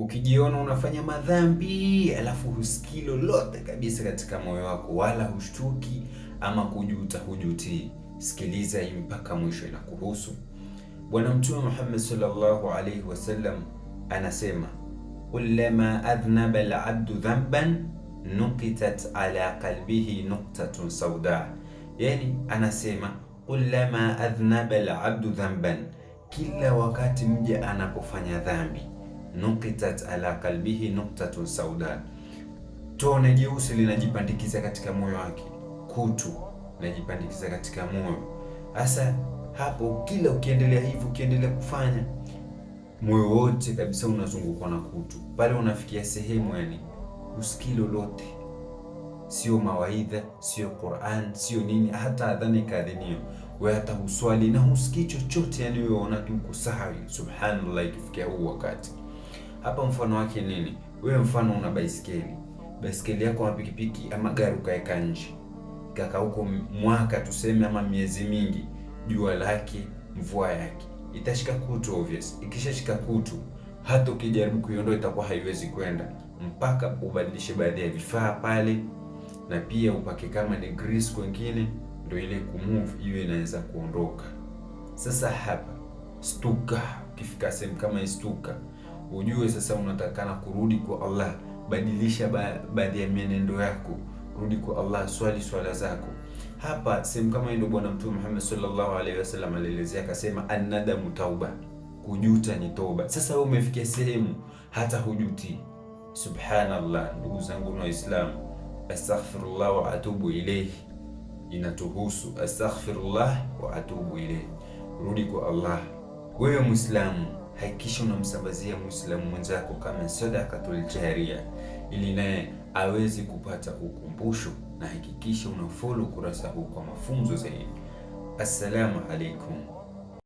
Ukijiona unafanya madhambi alafu husikii lolote kabisa katika moyo wako, wala hushtuki ama kujuta, hujuti sikiliza hii mpaka mwisho, inakuhusu. Bwana Mtume Muhammad sallallahu alaihi wasallam anasema, kullama adhnaba alabdu dhanban nuqitat ala qalbihi nuqtatun sauda, yani anasema kullama adhnaba alabdu dhanban, kila wakati mja anapofanya dhambi nukitat ala kalbihi nuktatun sauda, tone jeusi linajipandikiza katika moyo wake, kutu linajipandikiza katika moyo. Hasa hapo, kila ukiendelea hivyo, ukiendelea kufanya, moyo wote kabisa unazungukwa na kutu. Pale unafikia sehemu, yani usikii lolote, sio mawaidha, sio Qur'an, sio nini, hata adhani kaadhinio wewe hata huswali na husikii chochote, yani wewe unakusahawi. Subhanallah, ikifikia huu wakati hapa mfano wake nini? Wewe mfano una baisikeli, baisikeli yako ama pikipiki ama gari ukaweka nje, kaka, huko mwaka tuseme, ama miezi mingi, jua lake, mvua yake, itashika kutu obvious. Ikishashika kutu, hata ukijaribu kuiondoa itakuwa haiwezi kwenda, mpaka ubadilishe baadhi ya vifaa pale, na pia upake kama ni grease kwingine, ndio ile kumove hiyo inaweza kuondoka. Sasa hapa stuka, ukifika sehemu kama istuka ujue sasa unatakana kurudi kwa Allah. Badilisha baadhi ya mienendo yako, rudi kwa Allah, swali swala zako. Hapa sehemu kama hii ndio Bwana Mtume Muhammad sallallahu alaihi wasallam alielezea akasema, annadamu tauba, kujuta ni toba. Sasa wewe umefikia sehemu hata hujuti. Subhanallah, ndugu zangu wa Islam, astaghfirullah wa atubu ilayhi inatuhusu, astaghfirullah wa atubu ilayhi. Rudi kwa Allah wewe Muislamu hakikisha unamsambazia Muislamu mwenzako kama sadaka tuljaria, ili naye aweze kupata ukumbusho, na hakikisha unafollow kurasa huu kwa mafunzo zaidi. Assalamu alaikum.